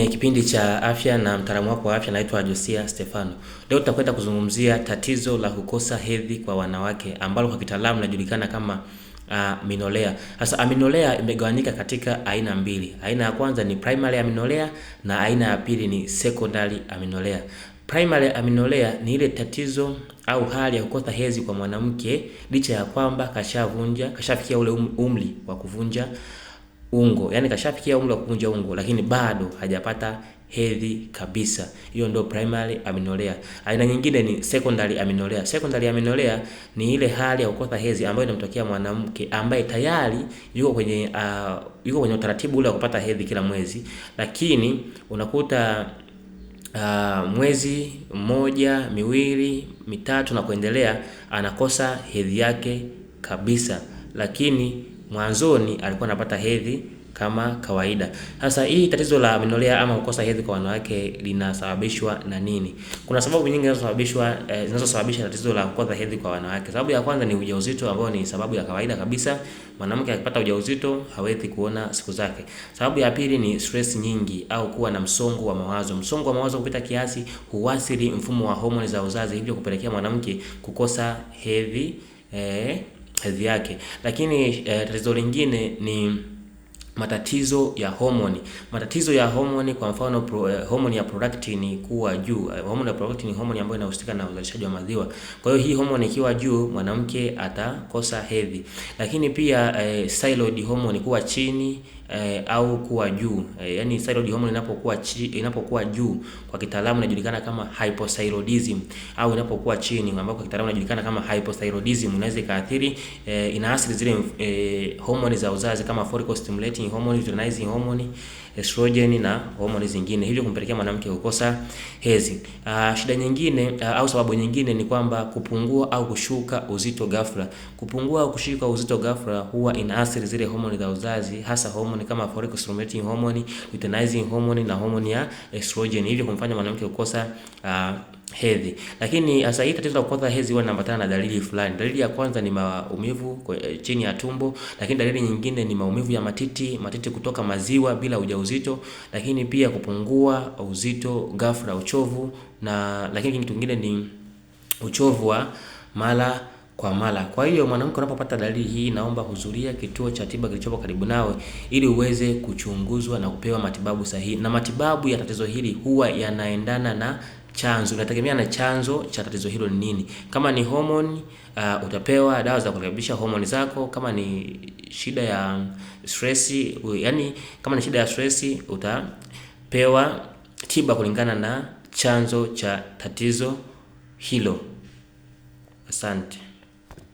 Ni kipindi cha afya na mtaalamu wako wa afya anaitwa Josia Stefano. Leo tutakwenda kuzungumzia tatizo la kukosa hedhi kwa wanawake ambalo kwa kitaalamu linajulikana kama aminolea. Ah, Sasa aminolea imegawanyika katika aina mbili. Aina ya kwanza ni primary aminolea na aina ya pili ni secondary aminolea. Primary aminolea ni ile tatizo au hali ya kukosa hedhi kwa mwanamke licha ya kwamba kashavunja, kashafikia ule um-, umri wa kuvunja ungo, yani kashafikia umri wa kuvunja ungo, lakini bado hajapata hedhi kabisa. Hiyo ndio primary amenorrhea. Aina nyingine ni secondary amenorrhea. Secondary amenorrhea ni ile hali ya kukosa hedhi ambayo inamtokea mwanamke ambaye tayari yuko kwenye uh, yuko kwenye utaratibu ule wa kupata hedhi kila mwezi, lakini unakuta Uh, mwezi mmoja, miwili, mitatu na kuendelea anakosa hedhi yake kabisa, lakini mwanzoni alikuwa anapata hedhi kama kawaida. Sasa hii tatizo la amenolea ama kukosa hedhi kwa wanawake linasababishwa na nini? Kuna sababu nyingi zinazosababishwa eh, zinazosababisha tatizo la kukosa hedhi kwa wanawake. Sababu ya kwanza ni ujauzito ambao ni sababu ya kawaida kabisa. Mwanamke akipata ujauzito hawezi kuona siku zake. Sababu ya pili ni stress nyingi au kuwa na msongo wa mawazo. Msongo wa mawazo kupita kiasi huathiri mfumo wa homoni za uzazi, hivyo kupelekea mwanamke kukosa hedhi eh, size yake. Lakini eh, tatizo lingine ni matatizo ya homoni. Matatizo ya homoni kwa mfano pro, eh, homoni ya prolactin kuwa juu. Eh, homoni ya prolactin ni homoni ambayo inahusika na uzalishaji wa maziwa. Kwa hiyo hii homoni ikiwa juu, mwanamke atakosa hedhi. Lakini pia eh, thyroid homoni kuwa chini eh, au kuwa juu eh, yani thyroid hormone inapokuwa chini, inapokuwa juu kwa kitaalamu inajulikana kama hypothyroidism, au inapokuwa chini ambapo kwa kitaalamu inajulikana kama hypothyroidism, inaweza ikaathiri eh, inaathiri zile eh, hormone za uzazi kama follicle stimulating hormone, luteinizing hormone, estrogen na hormone zingine, hivyo kumpelekea mwanamke kukosa hezi. Ah, shida nyingine ah, au sababu nyingine ni kwamba kupungua au kushuka uzito ghafla. Kupungua au kushuka uzito ghafla huwa inaathiri zile hormone za uzazi hasa hormone hormone kama folic stimulating hormone, luteinizing hormone na hormone ya estrogen, ili kumfanya mwanamke kukosa uh, hedhi. Lakini hasa ah, hii tatizo la kukosa hedhi huwa linaambatana na dalili fulani. Dalili ya kwanza ni maumivu eh, chini ya tumbo, lakini dalili nyingine ni maumivu ya matiti, matiti kutoka maziwa bila ujauzito, lakini pia kupungua uzito ghafla, uchovu na lakini kingine ni uchovu wa mara kwa mara. Kwa hiyo mwanamke, unapopata dalili hii, naomba huzuria kituo cha tiba kilichopo karibu nawe ili uweze kuchunguzwa na kupewa matibabu sahihi, na matibabu ya tatizo hili huwa yanaendana na chanzo, unategemea na chanzo cha tatizo hilo ni nini. Kama ni homoni uh, utapewa dawa za kurekebisha homoni zako. Kama ni shida ya stress, yani kama ni shida ya stress utapewa tiba kulingana na chanzo cha tatizo hilo. Asante.